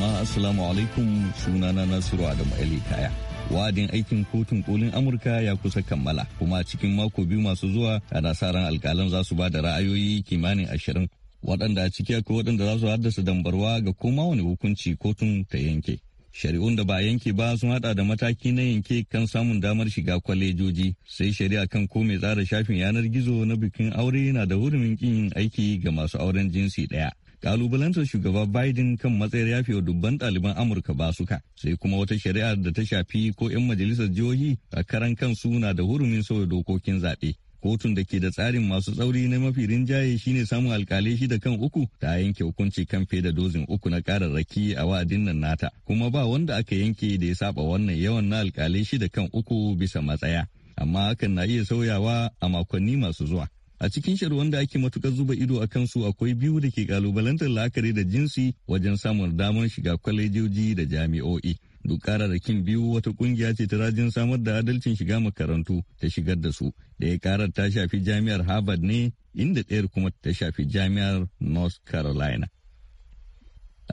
jama'a assalamu alaikum na nasiru adamu ali kaya wa'adin aikin kotun kolin amurka ya kusa kammala kuma cikin mako biyu masu zuwa ana sa ran alkalan za su ba da ra'ayoyi kimanin ashirin waɗanda a ciki akwai waɗanda za su haddasa dambarwa ga koma wani hukunci kotun ta yanke shari'un da ba yanke ba sun hada da mataki na yanke kan samun damar shiga kwalejoji sai shari'a kan ko mai tsara shafin yanar gizo na bikin aure na da hurumin kin aiki ga masu auren jinsi ɗaya kalubalantar shugaba Biden kan matsayar wa dubban ɗaliban Amurka ba suka sai kuma wata shari'ar da ta shafi ko 'yan majalisar jihohi a karan kansu na da hurumin sauya dokokin zaɓe. Kotun da ke da tsarin masu tsauri na mafi rinjaye shine samun alkalai shida kan uku ta yanke hukunci kan fiye da dozin uku na kararraki a wa'adin nan nata kuma ba wanda aka yanke da ya saba wannan yawan na alkalai shida kan uku bisa matsaya amma hakan na iya sauyawa a makonni masu zuwa. A cikin shirwan da ake matukar zuba ido a kansu akwai biyu da ke kalubalantar la'akari da jinsi wajen samun damar shiga kwalejoji da jami'o'i. Duk kararrakin biyu wata kungiya ce ta rajin samar da adalcin shiga makarantu ta shigar da su. da ya karar ta shafi jami'ar Harvard ne inda ɗayar kuma ta shafi jami'ar North Carolina.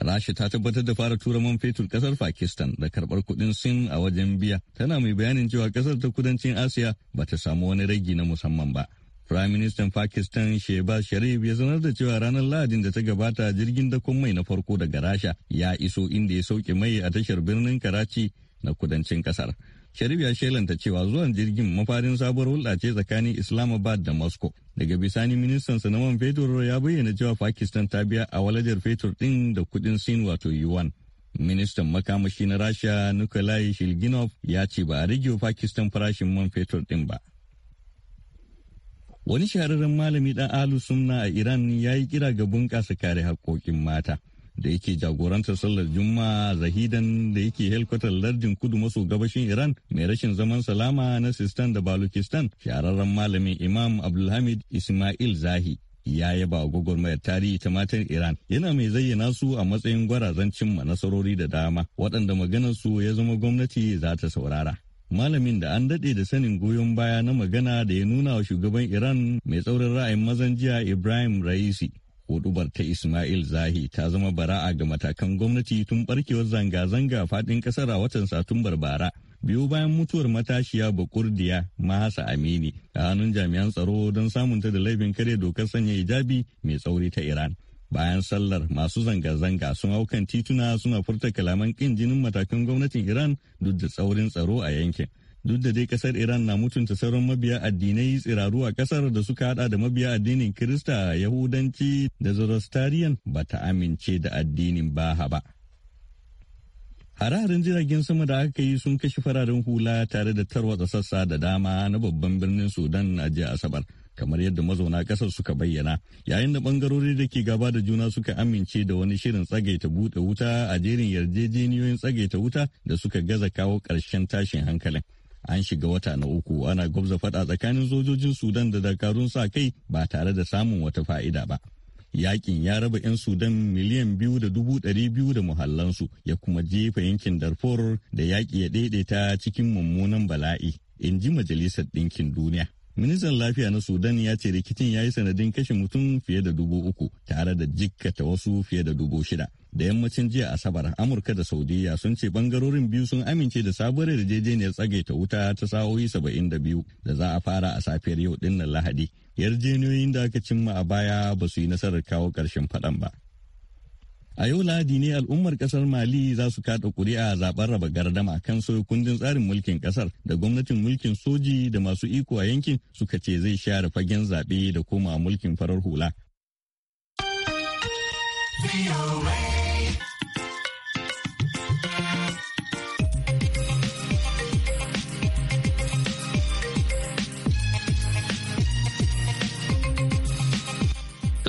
Rasha ta tabbatar da fara tura man fetur kasar Pakistan da karbar kudin Sin a wajen biya. Tana mai bayanin cewa kasar ta kudancin Asiya ba ta samu wani ragi na musamman ba. Prime Minister Pakistan Shehbaz Sharif ya sanar da cewa ranar Lahadin da ta gabata jirgin dakon mai na farko daga Rasha ya iso inda ya sauke mai a tashar birnin Karachi na kudancin kasar. Sharif ya shelanta cewa zuwan jirgin mafarin sabuwar hulɗa ce tsakanin Islamabad da Moscow. Daga bisani ministan na man fetur ya bayyana cewa Pakistan ta biya a walajar fetur ɗin da kuɗin Sin wato yuan. Ministan makamashi na Rasha Nikolai Shilginov ya ce ba a rage Pakistan farashin man fetur ɗin ba. Wani shahararren malami ɗan alu sunna a Iran ya yi kira ga bunƙasa kare haƙƙoƙin mata. Da yake jagorantar sallar Juma'a Zahidan da yake helkwatar lardin kudu maso gabashin Iran mai rashin zaman salama na Sistan da Balukistan shahararren malamin Imam Abdulhamid Ismail Zahi ya yaba gwagwarmayar tarihi ta matan Iran yana mai zayyana su a matsayin gwarazan cimma nasarori da dama waɗanda maganar su ya zama gwamnati za ta saurara. malamin da an daɗe da sanin goyon baya na magana da ya nuna wa shugaban Iran mai tsaurin ra'ayin mazan jiya Ibrahim Raisi. Hudubar ta Ismail Zahi ta zama bara'a ga matakan gwamnati tun barkewar zanga-zanga faɗin ƙasar a watan Satumbar bara. biyo bayan mutuwar matashiya bakurdiya mahasa amini a hannun jami'an tsaro don samunta da laifin kare dokar sanya hijabi mai tsauri ta iran bayan sallar masu zanga-zanga sun hau tituna suna furta kalaman kin jinin matakan gwamnatin iran duk da tsaurin tsaro a yankin duk da dai kasar iran na mutunta sauran mabiya addinai tsiraru a kasar da suka hada da mabiya addinin kirista yahudanci da zoroastrian ba ta amince da addinin baha ba hararin jiragen sama da aka yi sun kashe fararen hula tare da tarwatsa sassa da dama na babban birnin sudan a jiya asabar kamar yadda mazauna ƙasar suka bayyana yayin da bangarori da ke gaba da juna suka amince da wani shirin tsagaita buɗe wuta a jerin yarjejeniyoyin tsagaita wuta da suka gaza kawo ƙarshen tashin hankalin an shiga wata na uku ana gwabza faɗa tsakanin sojojin sudan da dakarun sa kai ba tare da samun wata fa'ida ba yakin ya raba 'yan sudan miliyan biyu da dubu ɗari biyu da muhallansu ya kuma jefa yankin darfur da yaƙi ya daidaita cikin mummunan bala'i in ji majalisar ɗinkin duniya ministan lafiya na sudan ya ce rikicin ya yi sanadin kashe mutum fiye da dubu uku tare da jikkata wasu fiye da dubu shida da yammacin jiya asabar amurka da saudiya sun ce bangarorin biyu sun amince da sabuwar yarjejeniyar tsagaita wuta ta sa'o'i saba'in da biyu da za a fara a safiyar yau dinnan lahadi yarjejeniyoyin da aka cimma a baya ba su yi nasarar kawo ƙarshen faɗan ba A yau Ladi ne al'ummar kasar Mali za su kada kuri'a a zaben raba gardama kan sauyi kundin tsarin mulkin kasar da gwamnatin mulkin soji da masu iko a yankin suka ce zai share fagen zaɓe da koma mulkin farar hula.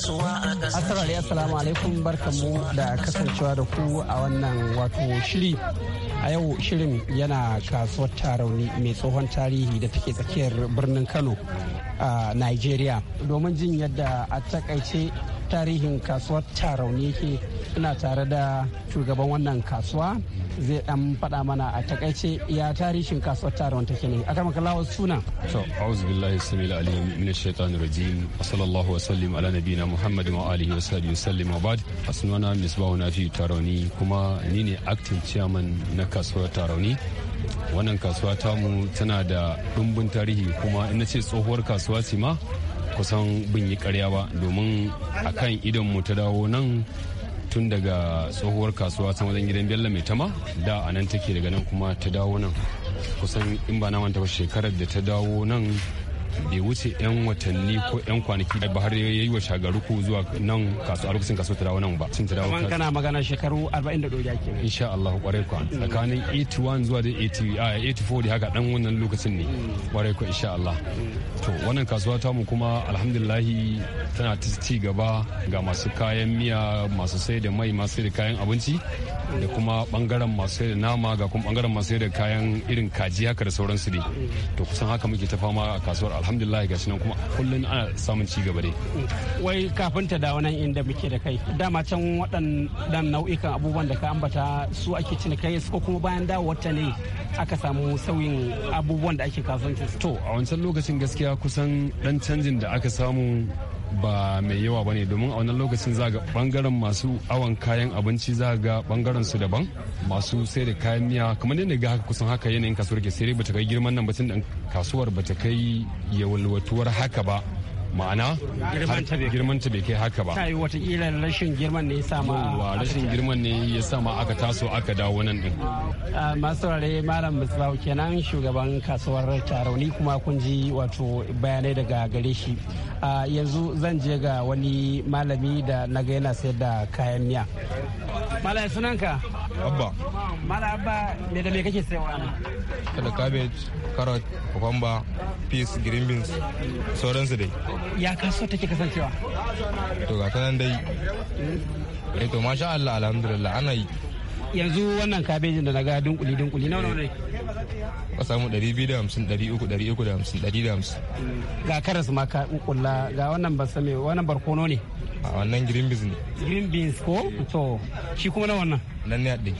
kasuwa a ƙasa. Asarari assalamu alaikum barkanmu da kasancewa da ku a wannan wato shiri. A yau shirin yana kasuwar tarauni mai tsohon tarihi da take tsakiyar birnin Kano a Nigeria domin jin yadda a takaice tarihin kasuwar tarauni ke ina tare da shugaban wannan kasuwa zai dan faɗa mana a takaice ya tarihin kasuwar tarauni take ne aka maka kalawar suna. to auzu billahi samil alim min shaitan rajim sallallahu wasallim ala nabina muhammad wa alihi wa sahbihi sallim wa ba'd asnuna misbahu nafi tarauni kuma ni ne acting chairman na kasuwar tarauni wannan kasuwa tamu tana da ɗumbin tarihi kuma in ce tsohuwar kasuwa ce ma kusan bin yi karya ba domin akan idon mu ta dawo nan tun daga tsohuwar kasuwa san wajen gidan bello mai tama da a nan take daga nan kuma ta dawo nan kusan in ba na manta ba shekarar da ta dawo nan bai wuce 'yan watanni ko 'yan kwanaki ba har ya yi wa shagaruku zuwa nan a lokacin kasuwar tarawa nan ba sun tarawa kuma kana magana shekaru 40 da doja ke insha Allah kwarai kwa tsakanin 81 zuwa da 84 da haka dan wannan lokacin ne kwarai mm. kwa insha Allah mm. to wannan kasuwa ta mu kuma alhamdulillah tana ta ci gaba ga masu kayan miya masu sai da mai masu sai da kayan abinci da kuma bangaren masu sai da nama ga kuma bangaren masu sai da kayan irin kaji haka da sauransu ne mm. to kusan haka muke ta fama a kasuwar alhamdulillah ga nan kuma kullum ana samun ci gaba dai wai kafin ta dawo nan inda muke da kai dama can waɗannan nau'ikan abubuwan da ka ambata su ake kai su ko kuma bayan dawo ta ne aka samu sauyin abubuwan da ake kasuwanci to a wancan lokacin gaskiya kusan dan canjin da aka samu ba mai yawa ba ne domin a wannan lokacin za ga bangaren masu awon kayan abinci za ga bangaren su daban masu sai da kayan miya kamar yadda ga haka kusan haka yanayin kasuwar ke sai dai bata kai girman nan ba tun kasuwar bata kai yawalwatuwar haka ba ma'ana girman ta bai kai haka ba kai watakila rashin girman ne ya ma yawa rashin girman ne ya sa ma aka taso aka dawo nan din ah, masu rare malam musbahu kenan shugaban kasuwar tarauni kuma kun ji wato bayanai daga gare shi ah, yanzu zan je ga wani malami da naga yana sayar da kayan miya sunan ka abba malam abba me da me kake sayarwa na da cabbage carrot cucumber peas green beans sauransu dai ya kasuwa take kasancewa to ga dai eh to masha Allah alhamdulillah ana yi yanzu wannan kabejin da na ga dunkuli dunkuli nawa ne ka samu 250 300 350 ga karas ma ka kulla ga wannan ba same wannan barkono ne a wannan green beans ne green beans ko to shi kuma na wannan nan ne haɗe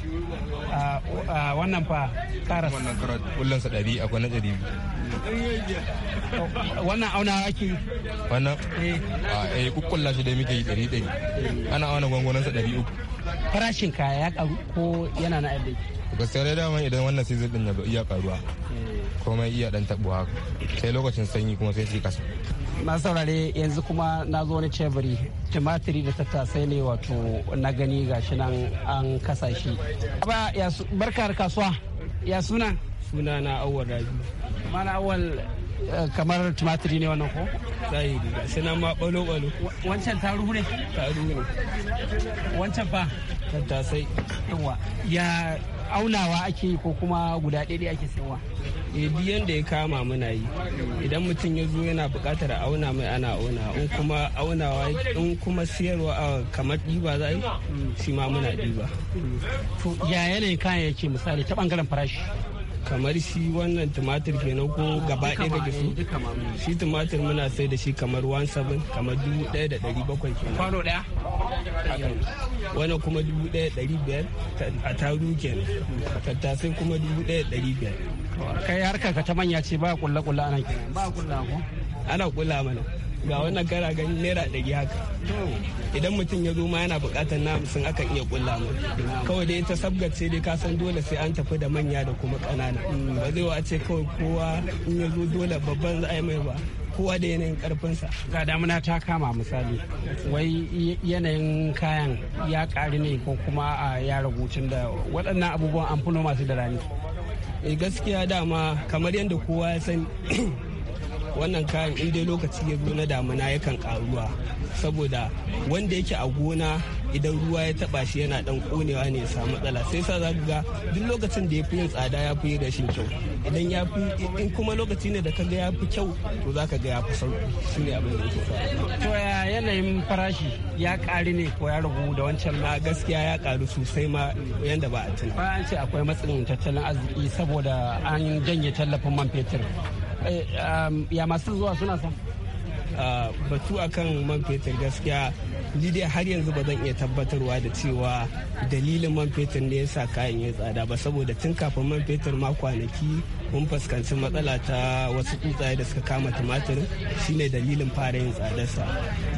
a wannan fa karas wannan karas kullansa 100 akwai na biyu. wannan auna ake wannan eh. a eh kukkulla shi da muke yi 100 ana auna gwangwanansa 300 farashin kaya ya karu ko yana na abin gaskiya dai dama idan wannan season din ya iya karuwa eh. komai iya dan tabuwa sai lokacin sanyi kuma sai shi kasa Na saurare yanzu kuma na zo wani cebiri tumatiri da tattasai ne wato na gani gashi nan an kasa shi barka kasuwa ya suna suna na awwal rabi mana awwal kamar tumatiri ne wannan ko? Zahiri ga shi nan ma balo-balo. Wancan taruhu ne? Taruhu ne. Wancan fa? Tattasai. Yawa. Ya aunawa ake yi ko kuma guda ɗaya ake sayarwa? Eh duk yanda ya kama muna yi. Idan mutum ya zo yana buƙatar auna mai ana auna in kuma aunawa in kuma siyarwa kamar ɗiba za yi shi ma muna ɗiba. To ya yanayin kayan yake misali ta ɓangaren farashi? kamar shi wannan tumatir kenan ko gaba ɗaya daga su eh, shi tumatir muna sai da shi kamar 17 kamar 1,700 kenan wani kuma 1,500 a taru kenan tattasai kuma 1,500 kai harkar ka ta manya ce ba kulla kulla nan kenan ba kulla ko ana kulla mana ga wannan kara gani naira ɗari haka idan mutum ya zo ma yana buƙatar na sun akan iya ƙulla mu kawai dai ta sabgace dai ka san dole sai an tafi da manya da kuma ƙanana ba zai wa ce kawai kowa in ya zo dole babban za a yi mai ba kowa da yanayin karfinsa ga damuna ta kama misali wai yanayin kayan ya ƙari ne ko kuma a ya ragucin da waɗannan abubuwan amfano masu da rani eh, gaskiya dama kamar yadda kowa ya sani wannan kayan in dai lokaci ya zo na damuna yakan karuwa saboda wanda yake a gona idan ruwa ya taba shi yana dan konewa ne ya samu matsala sai sa zaka ga duk lokacin da ya fi yin tsada ya fi rashin kyau idan ya fi in kuma lokaci ne da kaga ya fi kyau to zaka ga ya fi sauki shi ne abin da yake to ya yanayin farashi ya ƙari ne ko ya ragu da wancan na gaskiya ya ƙaru sosai ma yanda ba a tuna ba an ce akwai matsin tattalin arziki saboda an janye tallafin man fetur Eh, um, ya masu zuwa suna son ah, batu akan man fetur gaskiya ni dai har yanzu ba zan iya tabbatarwa da cewa dalilin man fetur ne ya sa kayan ya tsada ba saboda tun kafin man fetur ma kwanaki mun fuskanci matsala ta wasu tsuntsaye da suka kama tumatirin shine dalilin fara yin tsadarsa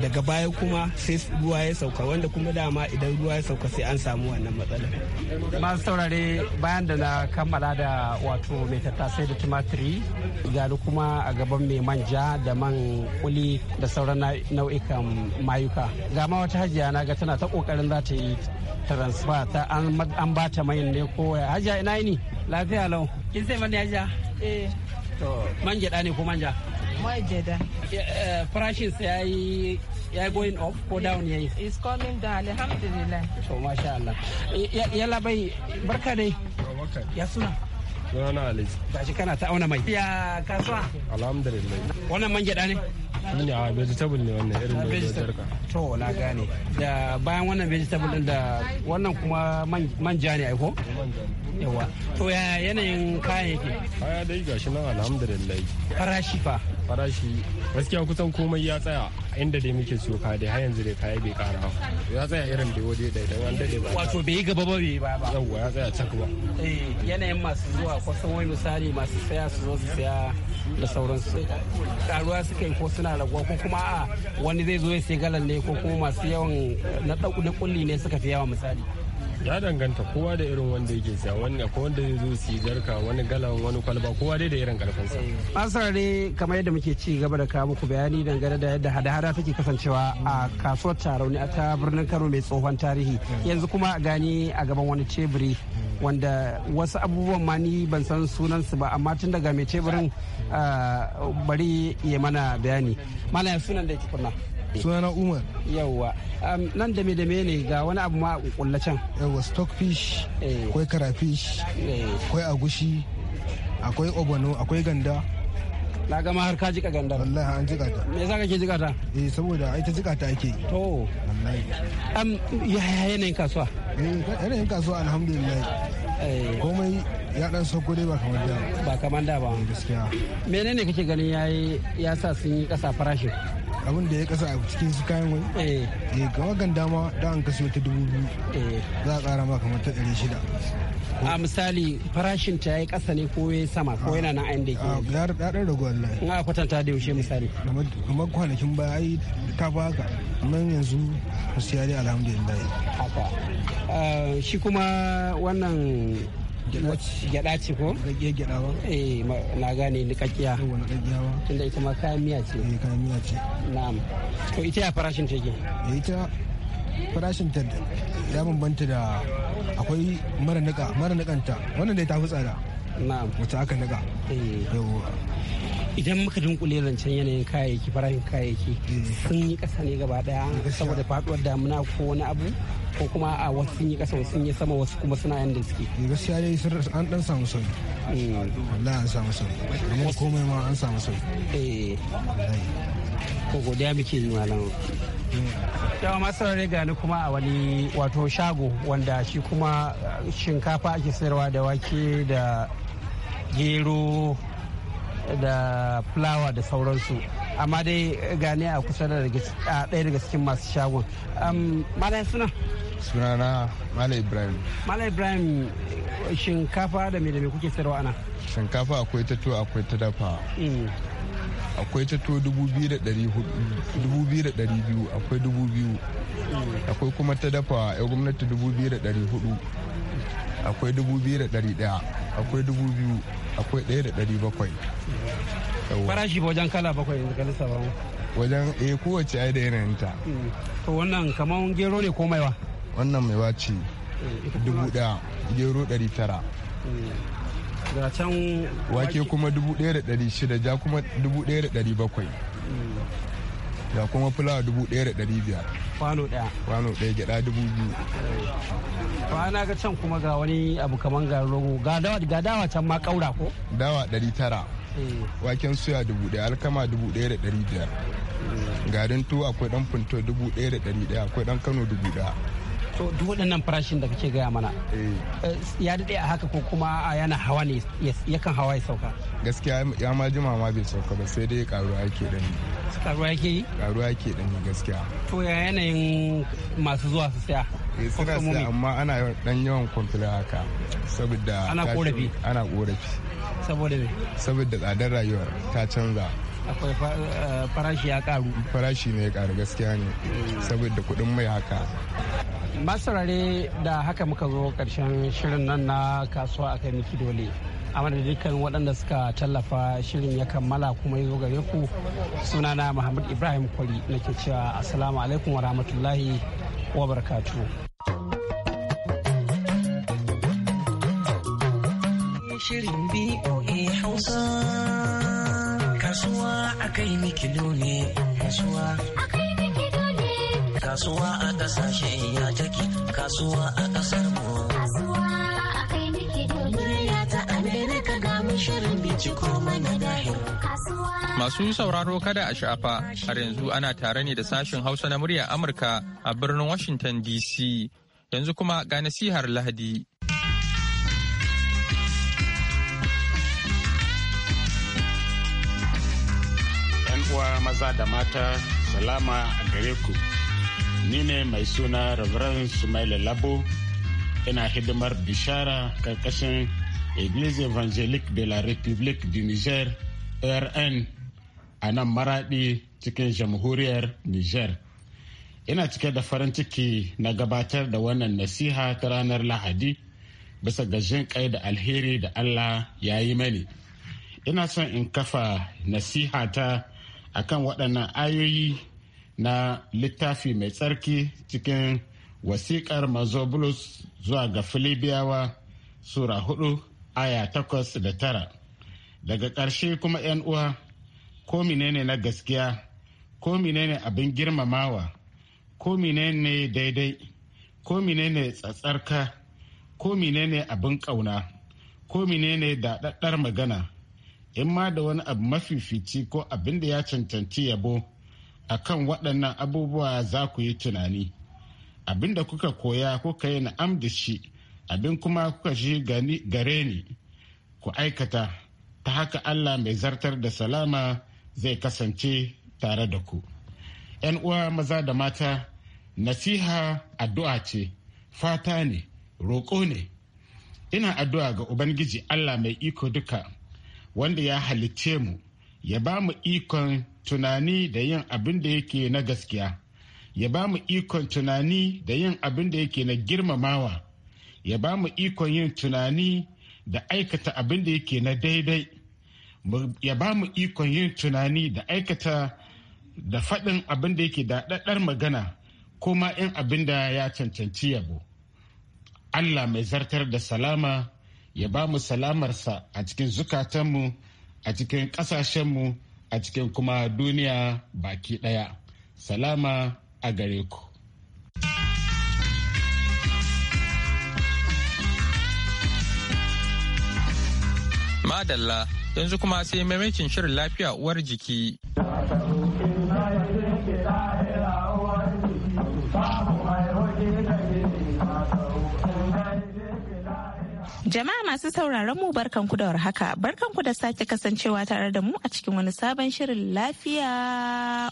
daga baya kuma sai ruwa ya sauka wanda kuma dama idan ruwa ya sauka sai an samu wannan matsala masu saurare bayan da na kammala da wato mai tattasai da tumatiri ga kuma a gaban mai manja da man kuli da sauran nau'ikan mayuka ga ma wata hajiya na ga tana ta kokarin za ta yi transfer ta an ba ta mayin ne ko hajiya ina yi Lafiya lau. Kin sai man yaja? Eh. To man gyada ne ko manja? mai gyada. Eh, eh, farashin sa yayi ya going up ko down yayi? is coming down alhamdulillah. To masha Allah. Yalla bai barka dai. Ya suna. Alhaji. Gashi kana ta auna mai. Ya kasuwa. Alhamdulillah. Wannan man gyada ne? Ni ne a vegetable ne wannan irin vegetable. To na gane. Da bayan wannan vegetable din da wannan kuma manja ne aiko? Yawa. To ya yanayin kayan yake? Kaya dai gashi nan alhamdulillah. Farashi fa. farashi gaskiya kusan komai ya tsaya inda dai muke soka kaya dai har yanzu dai kaya bai kara ya tsaya irin da waje dai dan an dade ba wato bai yi gaba ba bai ba ba yawa ya tsaya cak ba eh yanayin masu zuwa kusan wani misali masu saya su zo su saya da sauransu karuwa suka yi ko suna raguwa ko kuma a wani zai zo ya sai galan ne ko kuma masu yawan na kulli ne suka fi yawa misali ya danganta kowa da irin wanda yake siya wani ko wanda zai zo su garka wani galan wani kwalba kowa dai da irin karfin sa asare kamar yadda muke ci gaba da kawo muku bayani dangane da yadda hada-hada take kasancewa a kasuwar tarauni a ta birnin Kano mai tsohon tarihi yanzu kuma a gani a gaban wani teburi wanda wasu abubuwan ma ni ban san sunansu ba amma tun daga mai teburin ah, bari ya mana bayani malam sunan da yake kunna sunana umar yawwa nan da me da me ne ga wani abu ma a can yawwa stockfish eh. akwai karafish eh. akwai agushi akwai ogono akwai ganda na ga ma har ka jika ganda wallahi an jika ta me yasa kake jika ta eh saboda ai ta jika ta ake to wallahi am ya yanayin kasuwa eh yanayin kasuwa alhamdulillah eh. komai ya dan sauko dai ba kamar da ba kamar da ba gaskiya menene kake ganin yayi ya sa sun yi kasa farashin abin da ya kasa a cikin su kayan wai eh kamar eh, ganda dama da an kaso ta dubu biyu eh. za a kara ma kamar ta ɗari shida a misali farashin ta yayi kasa ne ko yayi sama ko yana na ayin da yake ah, ya da dan ragu wallahi in aka kwatanta da yaushe misali kamar kwanakin baya ai ta baka nan yanzu musiyari alhamdulillah haka ah, shi kuma wannan gyada ce ko? gaggiyar gyada ba eh na gane nikakkiya yawa nikakkiya ba tunda ita ma kayan miya ce eh kayan miya ce na'am to ita ya farashin take eh, ita farashin ta ya bambanta da akwai mara nika mara nikanta wannan dai ta fi tsada na'am wata aka nika eh. yawa idan muka dunkule zancen yanayin kayayyaki farashin kayayyaki eh. sun yi kasa ne gaba daya saboda faduwar damuna ko wani abu ko kuma a wasu sun yi kasa wasu sun yi sama wasu kuma suna yanda suke eh, gaskiya dai an dan samu sauyi mm. Allah an samu sauyi kamar komai ma an samu sauyi eh ko godiya muke yi malamu mm. yawa masu rarrai gani kuma a wani wato shago wanda shi kuma uh, shinkafa ake sayarwa da wake da gero da fulawa da sauransu amma dai gane a kusa da ɗaya daga cikin masu shagon malam suna na malam ibrahim malam ibrahim shinkafa da mai da mai kuke sayarwa ana shinkafa akwai ta tuwa akwai ta dafa mm. akwai ta to biyu akwai 2,000 mm. akwai kuma ta dafa ya gwamnati 2,400 akwai dubu biyu da akwai dubu biyu akwai 1,700 da bakwai farashi ba wajen kala bakwai yanzu ka lissafa wajen eh kowace ai da yanayin ta. Hmm. to wannan kamar gero ne ko maiwa wannan maiwa ce eh, dubu gero 900 tara hmm. wake kuma dubu da shida ja kuma dubu da bakwai hmm. ga kuma fulawa dubu ɗaya da ɗari biyar kwano ɗaya kwano ɗaya gyaɗa dubu biyu kwana ga can kuma ga wani abu kaman ga rogo ga dawa can ma ƙaura ko dawa ɗari tara eh. waken suya dubu ɗaya alkama dubu ɗaya da ɗari biyar eh. garin tuwo akwai ɗan funto dubu ɗaya da ɗari ɗaya akwai ɗan kano dubu ɗaya to duk waɗannan farashin da kake gaya mana eh. Eh, ya daɗe a haka ko kuma a yana hawa ne yakan hawa ya sauka gaskiya ya ma ji ma bai sauka ba sai dai karuwa yake ɗan karuwa yake yi karuwa yake dani gaskiya to ya yanayin masu zuwa su saya eh, suna saya amma ana dan yawan kwamfila haka saboda ana korafi ana korafi saboda me saboda tsadar rayuwar ta canza akwai farashi ya karu farashi ne ya karu gaskiya ne saboda kudin mai haka masarare da haka muka zo karshen shirin nan na kasuwa a kan miki dole a dukkan waɗanda suka tallafa shirin ya kammala kuma ya zo gare ku suna na muhammad ibrahim kwari ke cewa assalamu alaikum wa rahmatullahi wa barakatu shirin BOA Hausa kasuwa a kai kilo ne kasuwa kasuwa a kasashe ya take kasuwa a kasar mu kasuwa a kai nake duniya ta america ga mu shirin binciko mana dahil Masu sauraro kada a sha'afa har yanzu ana tare ne da sashen Hausa na murya Amurka a birnin Washington DC yanzu kuma ga nasihar Lahadi. uwa maza da mata salama a gare ku ni ne mai suna Reverend Sumaila Labo ina hidimar bishara karkashin Église Evangelique de la republique du Niger e RN a nan maradi cikin jamhuriyar Niger. Ina cike da farin ciki na gabatar da wannan nasiha ta ranar Lahadi bisa ga jin kai da alheri da Allah ya yi mani. Ina son in kafa nasiha ta akan waɗannan ayoyi na littafi mai tsarki cikin wasiƙar mazobulus zuwa ga filibiyawa sura hudu aya takwas da tara daga ƙarshe kuma 'yan uwa ko menene na gaskiya ko menene abin girmamawa ko menene daidai ko menene tsatsarka ko menene abin ƙauna ko menene daɗaɗɗar magana in ma da wani abu mafifici ko abin da ya cancanci yabo akan waɗannan abubuwa za ku yi tunani abin da kuka koya kuka yi na'am da shi abin kuma kuka shi gare ni ku aikata ta haka allah mai zartar da salama zai kasance tare da ku yan uwa maza da mata nasiha addu'a ce fata ne roƙo ne ina addu'a ga ubangiji allah mai iko duka wanda ya halicce mu ya ba mu ikon tunani da yin abin da yake na gaskiya ya ba mu ikon tunani da yin abin da yake na girmamawa ya ba mu ikon yin tunani da aikata abin da yake na daidai ya ba mu ikon yin tunani da aikata da faɗin abin da yake daɗaɗar magana ko ma in abin da ya cancanci yabo allah mai zartar da salama ya ba mu salamarsa a cikin zukatanmu a cikin ƙasashenmu a cikin kuma duniya baki ɗaya. Salama a gare ku. Madalla yanzu kuma sai maimakin shirin lafiya uwar jiki. Jama'a masu sauraron mu barkan ku da warhaka barkanku da sake kasancewa tare da mu a cikin wani sabon shirin lafiya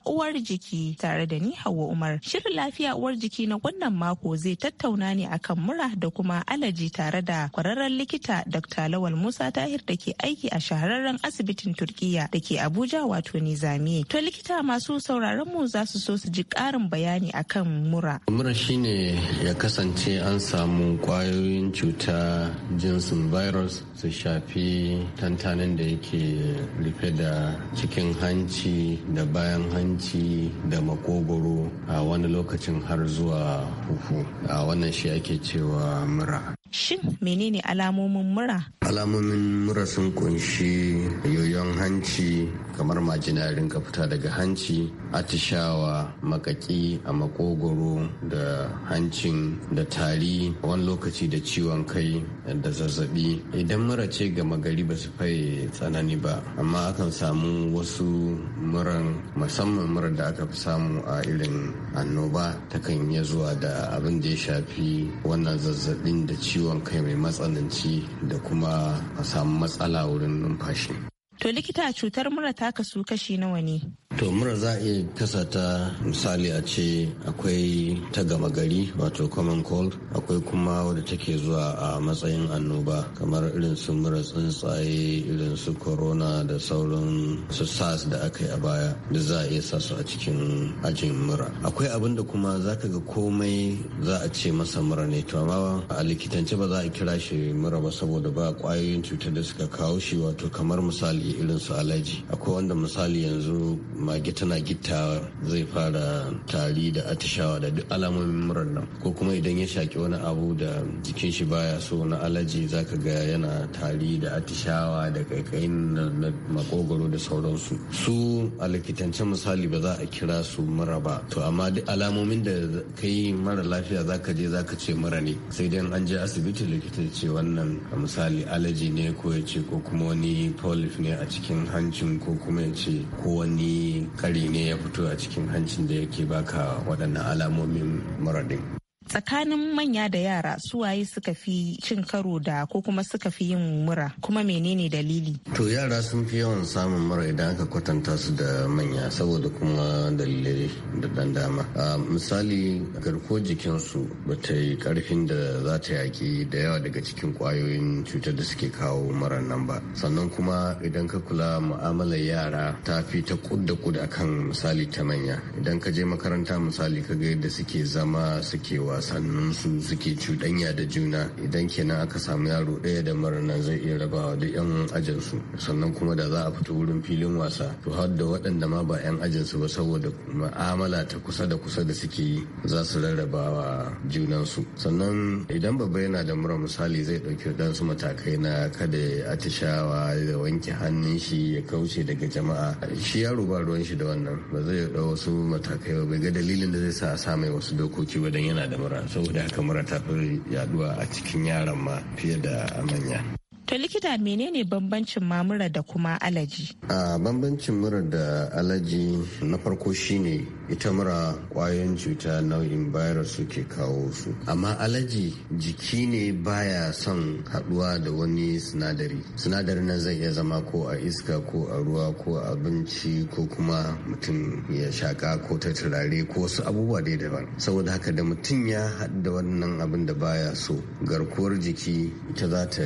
uwar jiki tare da ni Hauwa Umar. Shirin lafiya uwar jiki na wannan mako zai tattauna ne akan mura da kuma alaji tare da kwararren likita Dr. Lawal Musa Tahir da ke aiki a shahararren asibitin Turkiyya da ke Abuja wato Nizami. To likita masu sauraron mu za su so su ji ƙarin bayani akan mura. Mura shine ya kasance an samu kwayoyin cuta jinsin virus su shafi tantanin da yake rufe da cikin hanci da bayan hanci da makogoro a wani lokacin har zuwa huhu a wannan shi ake cewa mura shin menene alamomin mura alamomin mura sun kunshi yoyi don hanci kamar majina rinka fita daga hanci atishawa makaki a makogoro da hancin da tari wani lokaci da ciwon kai da zazzabi idan mura ce gama gari ba su fai tsanani ba amma akan samu wasu muran musamman murar da aka fi samu a irin annoba takan iya zuwa da abin da ya shafi wannan zazzabin da ciwon kai mai matsananci da kuma a samu matsala wurin numfashi To likita cutar mura ta kasu kashi nawa ne? To mura za a iya kasata misali a ce akwai ta gama gari wato common cold akwai kuma wadda take zuwa a matsayin annoba kamar irin su mura tsuntsaye irin su corona da sauran su sars da aka yi a baya da za a iya sa su a cikin ajin mura. Akwai abin da kuma za ka ga komai za a ce masa mura ne to amma a likitance ba za a kira shi mura ba saboda ba kwayoyin cutar da suka kawo shi wato kamar misali irin su alaji akwai wanda misali yanzu mage tana gitta zai fara tari da atishawa da duk alamomin murar nan ko kuma idan ya shaki wani abu da jikin shi baya so na alaji zaka ga yana tari da atishawa da kaikayin na makogoro da sauransu su a likitance misali ba za a kira su mura ba to amma duk alamomin da kai mara lafiya zaka je zaka ce mura ne sai dai an je asibiti likita ce wannan misali alaji ne ko ya ce ko kuma wani polyp ne a cikin hancin ko kuma ya ce ko wani kari ne ya fito a cikin hancin da yake baka waɗannan alamomin muradin tsakanin manya da yara su waye suka fi cin karo da ko kuma suka fi yin mura kuma menene dalili to yara sun fi yawan samun mura idan aka kwatanta su da manya saboda kuma dalilai da dan dama misali garko jikinsu ba ta yi karfin da za ta yaƙi da yawa daga cikin kwayoyin cutar da suke kawo mura nan ba sannan kuma idan ka kula mu'amalar yara ta fi ta kudda kudda kan misali ta manya idan ka je makaranta misali ka ga yadda suke zama suke wa su suke cuɗanya da juna idan kenan aka samu yaro ɗaya da mara nan zai iya rabawa da 'yan ajinsu sannan kuma da za a fito wurin filin wasa to har da waɗanda ma ba 'yan ajinsu ba saboda ma'amala ta kusa da kusa da suke yi za su rarrabawa junansu sannan idan babba yana da mura misali zai ɗauki ɗansu matakai na kada ya atishawa ya wanke hannun shi ya kauce daga jama'a shi yaro ba ruwan shi da wannan ba zai ɗau wasu matakai ba bai ga dalilin da zai sa a sa mai wasu dokoki wadan yana da mura saboda haka mura ta fi yaduwa a cikin yaran ma fiye da a manya To likita menene bambancin mura da kuma alaji? A bambancin mura da alaji na farko shine ita mura kwayoyin cuta nau'in virus suke kawo su amma alaji jiki ne baya son haduwa da wani sinadari sinadarin nan zai iya zama ko a iska ko a ruwa ko a abinci ko kuma mutum ya shaka ko ta turare ko wasu abubuwa dai daban saboda haka da mutum ya haɗu da wannan abin da baya so garkuwar jiki ita za ta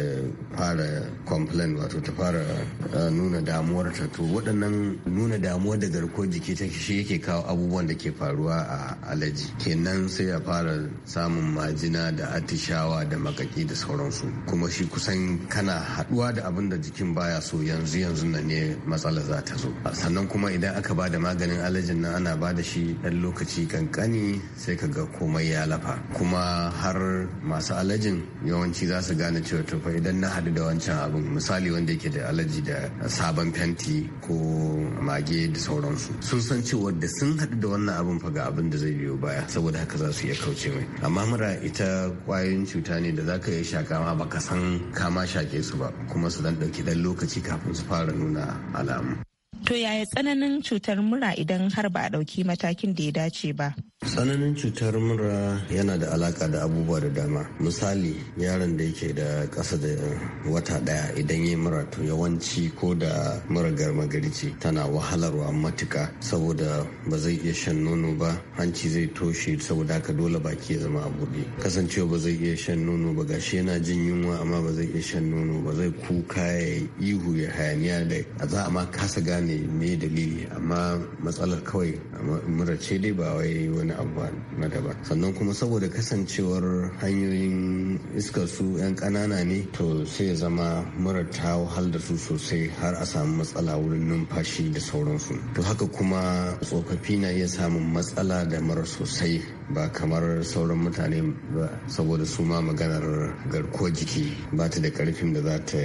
fara complain wato ta fara eh, nuna damuwar ta to waɗannan nuna damuwar da garkuwar jiki ta shi yake kawo abubuwa abubuwan da ke faruwa a alaji kenan sai ya fara samun majina da atishawa da makaki da sauransu kuma shi kusan kana haduwa da abin da jikin baya so yanzu yanzu nan ne matsala za ta zo sannan kuma idan aka ba da maganin alajin nan ana ba da shi ɗan lokaci kankani sai ka ga komai ya lafa kuma har masu alajin yawanci za su gane cewa to fa idan na hadu da wancan abin misali wanda yake da alaji da sabon fenti ko mage da sauransu sun san cewa da sun hadu da wannan abin fa ga abin da zai biyo baya saboda haka za su iya kauce mai amma mura ita kwayoyin cuta ne da za ka iya shaka ma baka san kama shake su ba kuma su dan ɗauki ɗan lokaci kafin su fara nuna alamu. To yaya tsananin cutar mura idan har ba a ɗauki matakin da ya dace ba? tsananin cutar mura yana da alaka da abubuwa da dama misali yaron da yake da ƙasa da wata ɗaya idan ya mura to yawanci ko da mura garma gari ce tana wahalarwa matuka saboda ba zai iya shan nono ba hanci zai toshe saboda haka dole baki ya zama a buɗe kasancewa ba zai iya shan nono ba gashi yana jin yunwa amma ba zai iya shan nono ba zai kuka ya ihu ya hayaniya da za a ma kasa gane me dalili amma matsalar kawai mura ce dai ba wai wani wani abu na daban sannan kuma saboda kasancewar hanyoyin iskar su 'yan kanana ne to sai ya zama mura ta wahal da su sosai har a samu matsala wurin numfashi da sauransu to haka kuma tsofaffi na iya samun matsala da mara sosai ba kamar sauran mutane ba saboda su ma maganar garkuwar jiki ba ta da karfin da za ta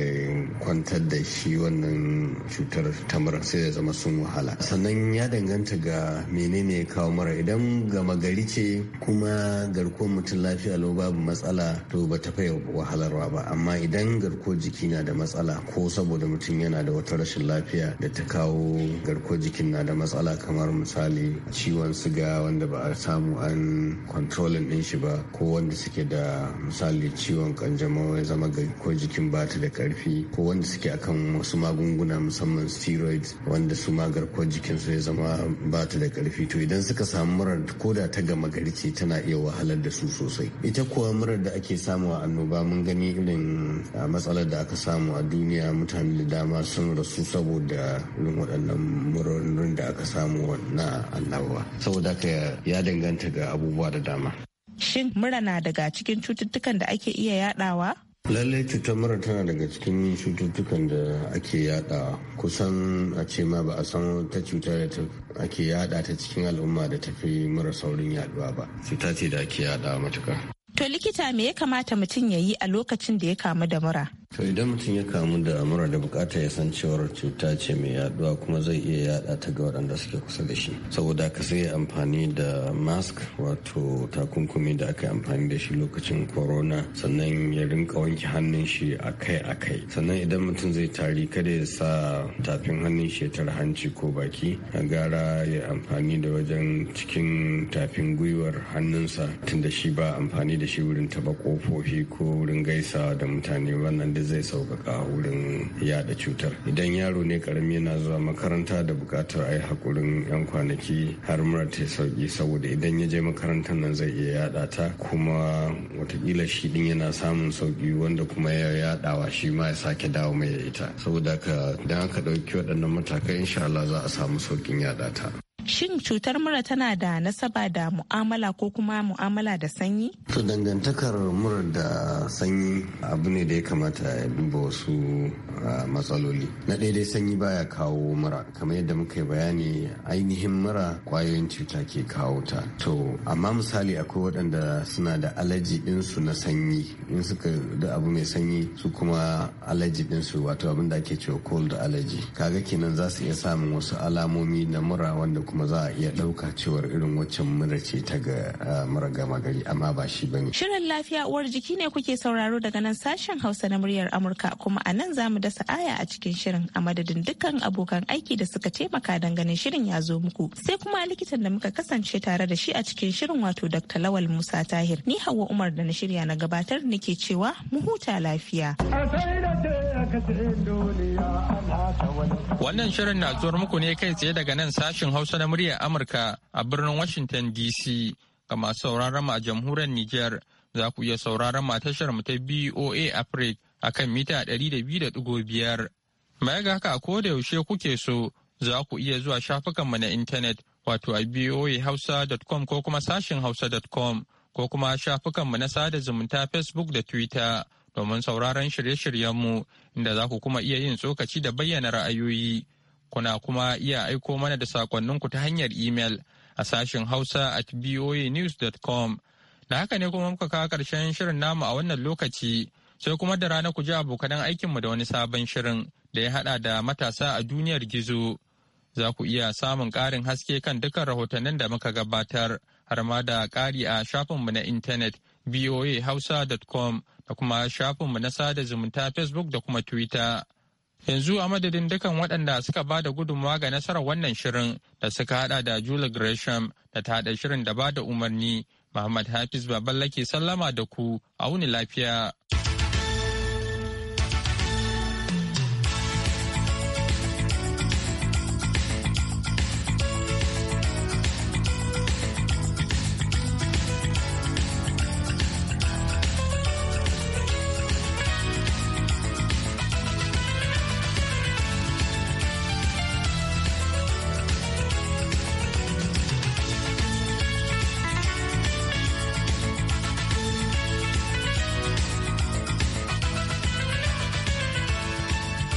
kwantar da shi wannan cutar ta mura, sai da zama sun wahala sannan ya danganta ga menene ya kawo mara idan gama gari ce kuma garkuwar mutum lafiya lau babu matsala to ba ta fai wahalarwa ba amma idan garkuwar jiki na da matsala ko saboda mutum yana da wata rashin lafiya da ta kawo garkuwar jikin na da matsala kamar misali ciwon siga wanda ba a samu an kontrolin din shi ba ko wanda suke da misali ciwon kanjamau ya zama gari ko jikin bata da karfi ko wanda suke akan wasu magunguna musamman steroids wanda su magar ko jikin su ya zama bata da karfi to idan suka samu murar ko da ta gama gari ce tana iya wahalar da su sosai ita kuwa murar da ake samu a annoba mun gani irin matsalar da aka samu a duniya mutane da dama sun rasu saboda irin waɗannan murorin da aka samu na annoba saboda ka ya danganta ga abubuwa da dama. Shin mura na daga cikin cututtukan da ake iya yadawa? lallai cutar mura tana daga cikin cututtukan da ake yada kusan a ce ma ba a san ta cuta da ake yada ta cikin al'umma da tafi mura saurin yaduwa ba cuta ce da ake yada matuka to likita me ya kamata mutum ya yi a lokacin da ya kamu da mura To idan mutum ya kamu da mura da bukata ya san cewar cuta ce mai yaduwa kuma zai iya yada ta ga waɗanda suke kusa da shi. Saboda ka sai amfani da mask wato takunkumi da aka amfani da shi lokacin corona sannan ya rinka wanke hannun shi akai-akai. Sannan idan mutum zai tari kada ya sa tafin hannun shi ya tara hanci ko baki a gara ya amfani da wajen cikin tafin gwiwar hannunsa tunda shi ba amfani da shi wurin taba kofofi ko wurin gaisawa da mutane wannan da zai sauƙaƙa wurin yada cutar idan yaro ne karami yana zuwa makaranta da buƙatar a yi haƙurin 'yan kwanaki har mura ta sauƙi saboda idan ya je makarantar nan zai iya yada ta kuma watakila shi din yana samun sauƙi wanda kuma ya yadawa shi ma ya sake dawo mai ita saboda ka idan aka ɗauki waɗannan matakai insha za a samu sauƙin yada ta. Shin cutar mura tana da nasaba da mu'amala ko kuma mu'amala da sanyi? To dangantakar mura da sanyi abu ne da ya kamata ya duba wasu matsaloli na daidai sanyi baya kawo mura kamar yadda muka yi bayani ainihin mura kwayoyin cuta ke kawo ta to amma misali akwai waɗanda suna da alaji ɗinsu na sanyi in suka da abu mai sanyi su kuma alaji ɗinsu wato abin da ake cewa cold alaji kaga kenan za su iya samun wasu alamomi na mura wanda kuma za a iya ɗauka cewar irin waccan mura ce ta ga mura gama gari amma ba shi ba ne. shirin lafiya uwar jiki ne kuke sauraro daga nan sashen hausa na muryar amurka kuma a nan za mu da da sa'aya a cikin shirin a madadin dukkan abokan aiki da suka taimaka don ganin shirin ya zo muku. Sai kuma likitan da muka kasance tare da shi a cikin shirin wato Dr. Lawal Musa Tahir. Ni Hauwa Umar da na shirya na gabatar nake cewa mu huta lafiya. Wannan shirin na zuwar muku ne kai tsaye daga nan sashin Hausa na muryar Amurka a birnin Washington DC ga masu sauraron mu a jamhuriyar Nijar za ku iya sauraron mu a tashar mu ta BOA Africa a kan mita ɗari da da biyu 200.5 baya ga haka ko da yaushe kuke so za ku iya zuwa shafukanmu na intanet wato a hausa voahausa.com ko kuma sashin hausa hausa.com ko kuma shafukanmu na sada zumunta facebook da twitter domin sauraron shirye-shiryenmu inda za ku kuma iya yin tsokaci da bayyana ra'ayoyi kuna kuma iya aiko mana da sakonninku ta hanyar email a sashin hausa at voanews.com da haka ne kuma muka kawo karshen shirin namu a wannan lokaci sai kuma da rana ku ji abokanan aikinmu da wani sabon shirin da ya haɗa da matasa a duniyar gizo. Za ku iya samun ƙarin haske kan dukkan rahotannin da muka gabatar har ma da ƙari a shafinmu na intanet voahausa.com da kuma shafinmu na sada zumunta Facebook da kuma Twitter. Yanzu a madadin dukan waɗanda suka ba da gudunmawa ga nasarar wannan shirin da suka haɗa da Julie Gresham da ta haɗa shirin da ba da umarni, Muhammad Hafiz ke sallama da ku, a wuni lafiya.